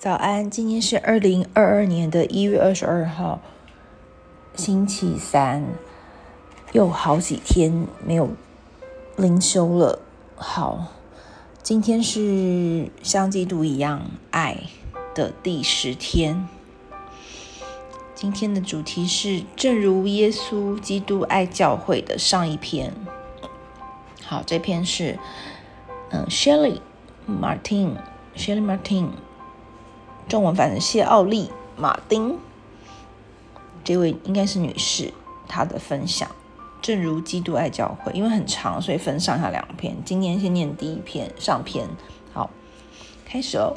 早安，今天是二零二二年的一月二十二號，星期三，又好幾天沒有靈修了。好，今天是像基督一樣愛的第十天。今天的主題是：正如耶穌基督愛教會的上一篇。好，這篇是嗯，Shelley Martin，Shelley Martin。中文版的謝奧莉馬汀，這位應該是女士，她的分享，正如基督愛教會，因為很長，所以分上下兩篇。今天先念第一篇上篇，好，開始哦。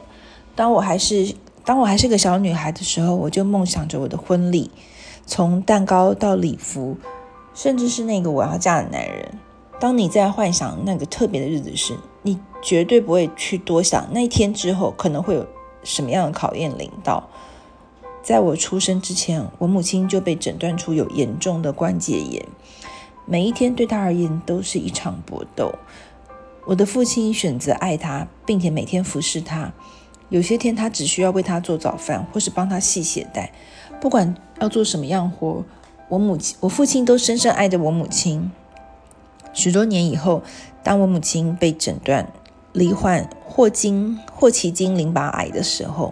當我還是當我還是個小女孩的時候，我就夢想着我的婚禮，從蛋糕到禮服，甚至是那個我要嫁的男人。當你在幻想那個特別的日子時，你絕對不會去多想那天之後可能會有什麼樣的考驗臨到。在我出生之前，我母親就被診斷出有嚴重的關節炎，每一天對她而言都是一場搏鬥。我的父親選擇愛她，並且每天服侍她。有些天，他只需要為她做早飯，或是幫她繫鞋帶。不管要做什麼樣活，我母親、我父親都深深愛着我母親。許多年以後，當我母親被診斷。罹患霍金、霍奇金淋巴癌的時候，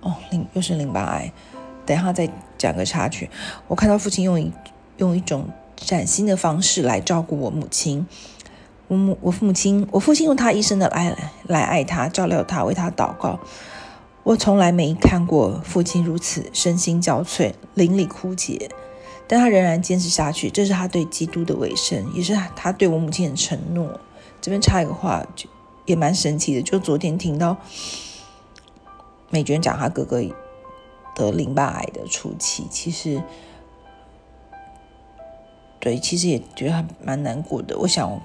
哦，又又是淋巴癌。等一下再講個插曲。我看到父親用一用一種嶄新的方式來照顧我母親。我母我父母親，我父親用他一生的愛來，來愛她，照料她，為她禱告。我從來沒看過父親如此身心交瘁、靈裡枯竭，但他仍然堅持下去。這是他對基督的委身，也是他對我母親的承諾。這邊插一個話就。也蠻神奇的，就昨天聽到美娟講她哥哥得淋巴癌的初期，其實對，其實也覺得還蠻難過的。我想，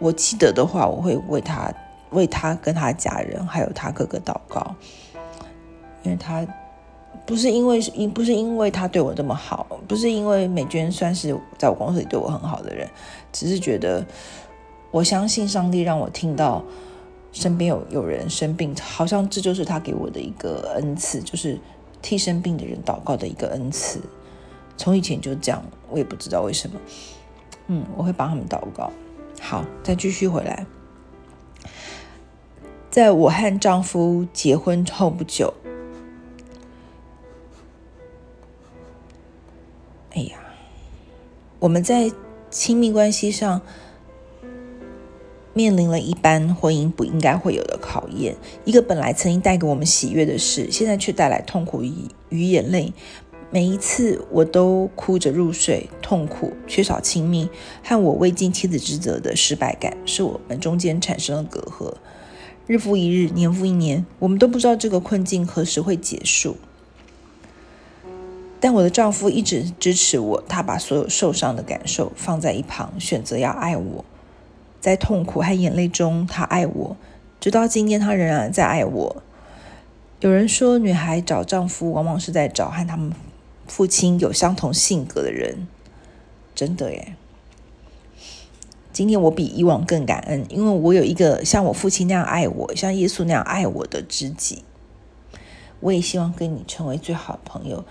我記得的話，我會為他、為他跟他家人，還有他哥哥禱告，因為他不是因為因不是因為他對我這麼好，不是因為美娟算是在我公司裡對我很好的人，只是覺得我相信上帝讓我聽到。身邊有有人生病，好像這就是他給我的一個恩賜，就是替生病的人禱告的一個恩賜。從以前就這樣，我也不知道為什麼。嗯，我會幫他們禱告。好，再繼續回來。在我和丈夫結婚後不久，哎呀，我們在親密關係上。面臨了一般婚姻不應該會有的考驗，一個本來曾經帶給我們喜悅的事，現在卻帶來痛苦與與眼淚。每一次我都哭着入睡，痛苦、缺少親密和我未盡妻子職責的失敗感，使我們中間產生了隔閡。日復一日，年復一年，我們都不知道這個困境何時會結束。但我的丈夫一直支持我，他把所有受傷的感受放在一旁，選擇要愛我。在痛苦和眼淚中，他愛我，直到今天，他仍然在愛我。有人說，女孩找丈夫往往是在找和她們父親有相同性格的人。真的耶！今天我比以往更感恩，因為我有一個像我父親那樣愛我、像耶穌那樣愛我的知己。我也希望跟你成為最好的朋友，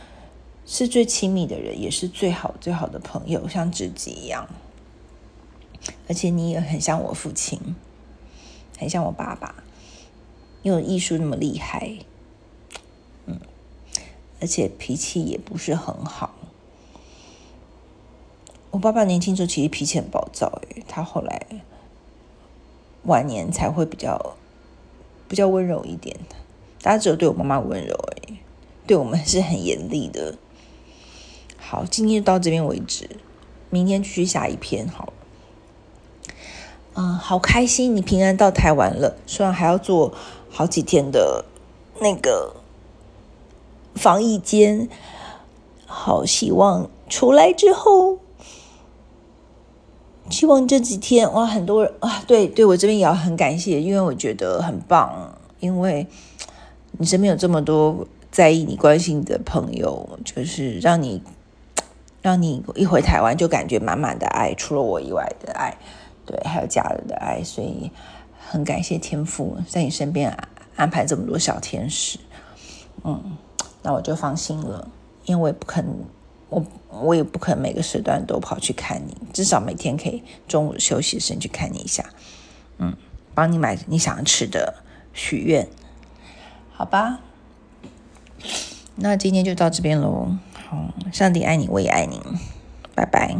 是最親密的人，也是最好最好的朋友，像知己一樣。而且你也很像我父親，很像我爸爸，因為藝術那麼厲害，嗯，而且脾氣也不是很好。我爸爸年輕時候其實脾氣很暴躁，哎，他後來晚年才會比較比較溫柔一點的。大家只有對我媽媽溫柔，哎，對我們是很嚴厲的。好，今天就到這邊為止，明天繼續下一篇好了，好。嗯，好開心！你平安到台灣了，雖然還要做好幾天的那個防疫間，好希望出來之後，希望這幾天哇，很多人啊，對對，我這邊也要很感謝，因為我覺得很棒，因為你身邊有這麼多在意你、關心你的朋友，就是讓你讓你一回台灣就感覺滿滿的愛，除了我以外的愛。對，還有家人的、的愛，所以很感謝天父在你身邊、啊、安排這麼多小天使。嗯，那我就放心了，因為不可能，我我也不可能每個時段都跑去看你，至少每天可以中午休息時去看你一下。嗯，幫你買你想吃的，許願，好吧？那今天就到這邊嘍。好，上帝愛你，我也愛你，拜拜。